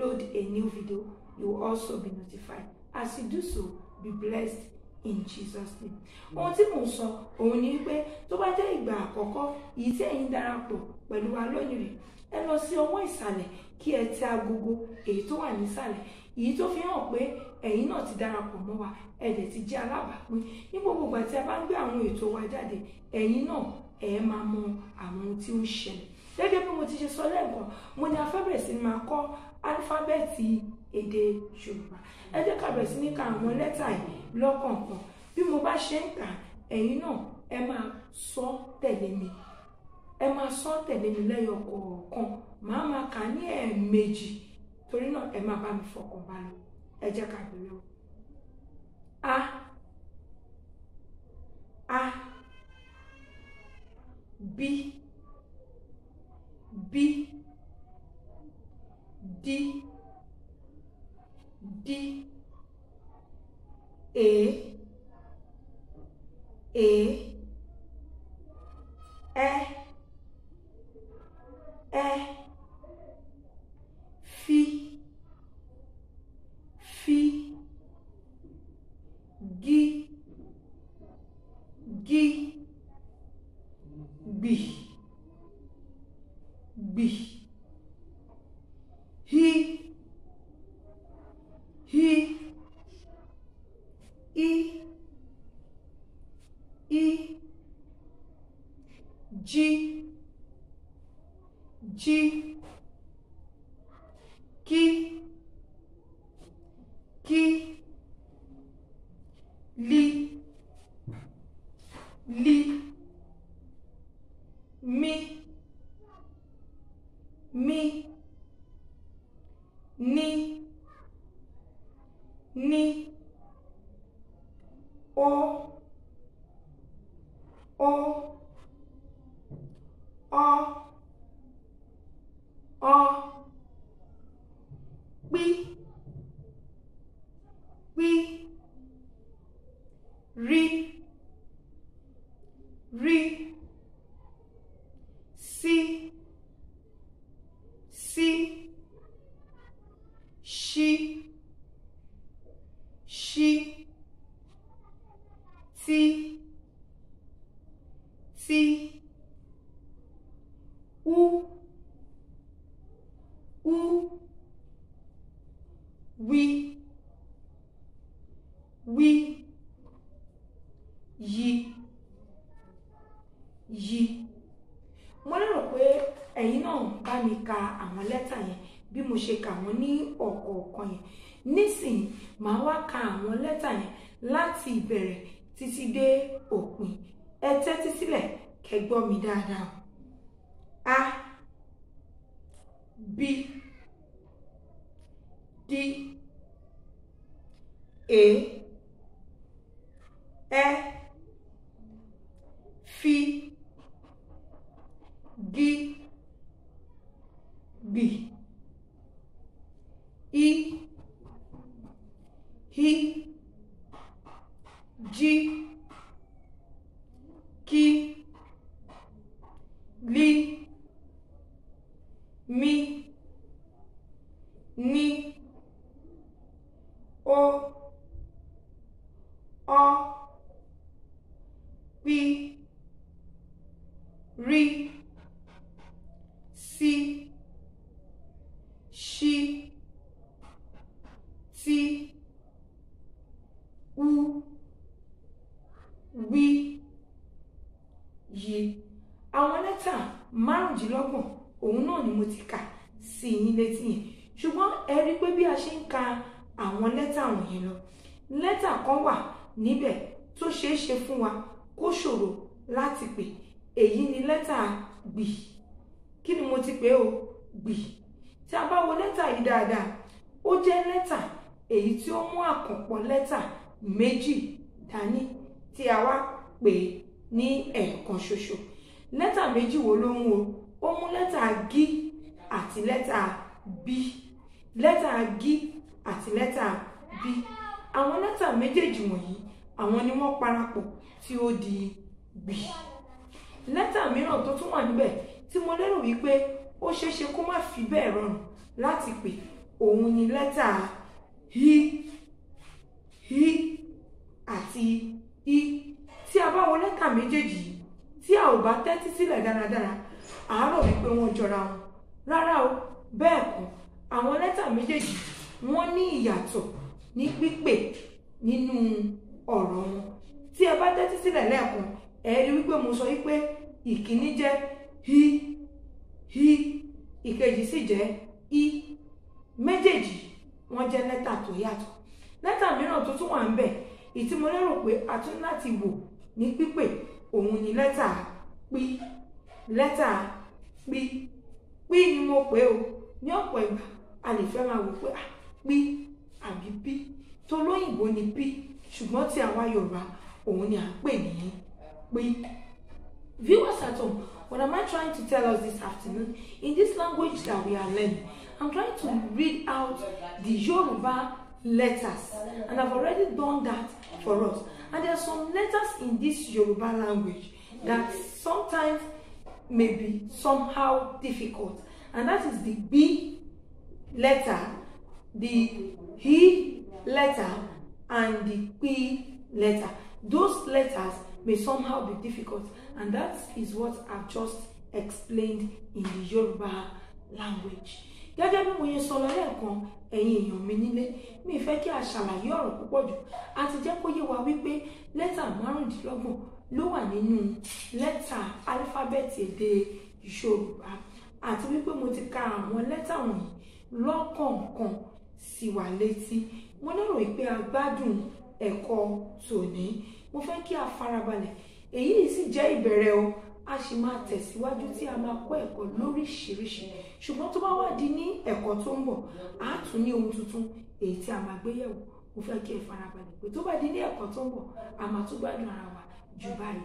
upload a new video, you will also be notified. As you do so, be blessed in Jesus name. ohun tí mò ń sọ òun ni pé tó bá jẹ́ ìgbà àkọ́kọ́ yìí tí ẹ̀yin darapọ̀ pẹ̀lú wa lónìí rẹ̀ ẹ lọ sí ọwọ́ ìsàlẹ̀ kí ẹ tẹ agogo èyí tó wà nísàlẹ̀ èyí tó fi hàn pé ẹ̀yin náà ti darapọ̀ mọ́ wa ẹ ti jẹ́ alábàápín ní gbogbo ìgbà tí a ń gbé àwọn ètò wa jáde ẹ̀yin náà ẹ máa mọ àwọn ohun tí ó ń ṣẹlẹ̀ gẹ́gẹ́ bí mo ti ṣe sọ lẹ́ẹ̀kan mo ní afẹ́bẹ̀rẹ̀ sí máa kọ́ alifábẹ́ẹ̀tì èdè Yorùbá ẹ jẹ́ ká bẹ̀rẹ̀ sí ní ka àwọn lẹ́tà yìí lọ́kọ̀ọ̀kan bí mo bá ṣe ń kà ẹ̀yin náà ẹ máa sọ tẹ̀lé mi ẹ máa sọ tẹ̀lé mi lẹ́yọ kọ̀ọ̀kan màá máa kà ní ẹ̀ẹ̀mejì torí náà ẹ máa bá mi fọkàn balẹ̀ ẹ jẹ́ ká bẹ̀rẹ̀ o. a a b. B D D A A E E Fi Fi Gi Gi Bi be. He, he, e, e, de, de. O O O Pi Pi Ri Ri Si Si She She Ti sí u u wí wí yí yí mo lérò pé ẹ̀yin náà bá mi ka àwọn lẹ́tà yẹn bí mo ṣe kà wọ́n ní ọ̀kọ̀ọ̀kan yẹn nísìnyí màá wá ka àwọn lẹ́tà yẹn láti ìbẹ̀rẹ̀ títí dé òpin ẹ tẹ́tí sílẹ̀ kẹ́ mi dáadáa a b d e ẹ fi gi gbì i hi. chapter márùndínlọ́gbọ̀n òun náà ni mo ti kà sí yín létí yẹn ṣùgbọ́n ẹ rí i pé bí a ṣe ń ka àwọn lẹ́tà wọ̀nyẹn lọ lẹ́tà kan wà níbẹ̀ tó ṣeé ṣe fún wa kó ṣòro láti pè èyí ni lẹ́tà gbì kí ni mo ti pè ó gbì tí a bá wo lẹ́tà yìí dáadáa ó jẹ́ lẹ́tà èyí tí ó mú àkànpọ̀ lẹ́tà méjì dání tí a wá pè ní ẹ̀ẹ̀kan ṣoṣo lẹ́tà méjì wo ló mú o ó mú lẹ́tà g àti lẹ́tà b lẹ́tà g àti lẹ́tà b àwọn lẹ́tà méjèèjì wọ̀nyí àwọn ni wọ́n parapọ̀ tí ó di B. lẹ́tà mìíràn tó tún wà níbẹ̀ tí mo lérò wípé ó ṣeéṣe kó má fi bẹ́ẹ̀ rọrùn láti pè òun ni lẹ́tà I, hi àti i e. tí a bá wo lẹ́tà méjèèjì yìí tí a ò bá tẹ́tí sílẹ̀ dáradára à á rò wípé wọ́n jọra wọn rárá o bẹ́ẹ̀ kọ́ àwọn lẹ́tà méjèèjì wọ́n ní ìyàtọ̀ ní pípè nínú ọ̀rọ̀ wọn tí ẹ bá tẹ́tí sílẹ̀ lẹ́ẹ̀kan ẹ rí wípé mo sọ wípé ìkíní jẹ́ hi hi ìkejì sì jẹ́ i méjèèjì wọ́n jẹ́ lẹ́tà tó yàtọ̀ lẹ́tà mìíràn tó tún wà ń bẹ̀ ìtí mo lérò pé a tún láti wò ní pípè òun ni lẹ́tà p lẹ́tà p p ni mo pè o ní ọ̀pọ̀ ìgbà a lè fẹ́ máa wò pé p àbí p tolóyìnbó ni p ṣùgbọ́n tí àwa Yorùbá òun ni à ń pè ní p. Viewers at home, what am I trying to tell us this afternoon? In this language that we are learning, I'm trying to read out the Yoruba letters, and I've already done that for us. And there are some letters in this Yoruba language that sometimes may be somehow difficult. And that is the B letter, the He letter, and the P letter. Those letters may somehow be difficult. And that is what I've just explained in the Yoruba language gẹ́gẹ́ bí mo yẹ sọ lọ́lẹ́ẹ̀kan ẹ̀yin èèyàn mi nílé mi fẹ́ kí a ṣàlàyé ọ̀rọ̀ púpọ̀ jù àti jẹ́ kó yé wa wípé lẹ́tà márùndínlọ́gbọ̀n ló wà nínú lẹ́tà álífábẹ́ẹ̀tì èdè Yorùbá àti wípé mo ti ka àwọn lẹ́tà wọ̀nyí lọ́kọ̀ọ̀kan sí wa létí mo lérò pé a gbádùn ẹ̀kọ́ tòní mo fẹ́ kí a farabalẹ̀ èyí sì jẹ́ ìbẹ̀rẹ̀ o a sì máa tẹ̀síwájú tí a máa kọ́ ẹ̀kọ́ lóríṣiríṣi ṣùgbọ́n tó bá wádìí ní ẹ̀kọ́ tó ń bọ̀ a tún ní ohun tuntun èyí tí a máa gbé yẹ̀wò mo fẹ́ kí ẹ farabalẹ̀ pé tó bá di ní ẹ̀kọ́ tó ń bọ̀ a máa tún gbádùn ara wa jù báyìí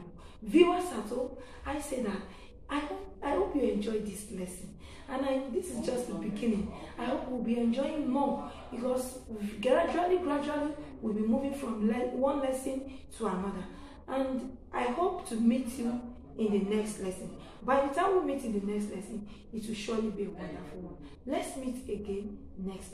viewers at home I say that I I hope you enjoy this lesson and I, this is just the beginning I hope we'll be enjoying more because gradually gradually we'll be moving from le one lesson to another and I hope to meet you. in the next lesson. By the time we meet in the next lesson, it will surely be a wonderful one. Let's meet again next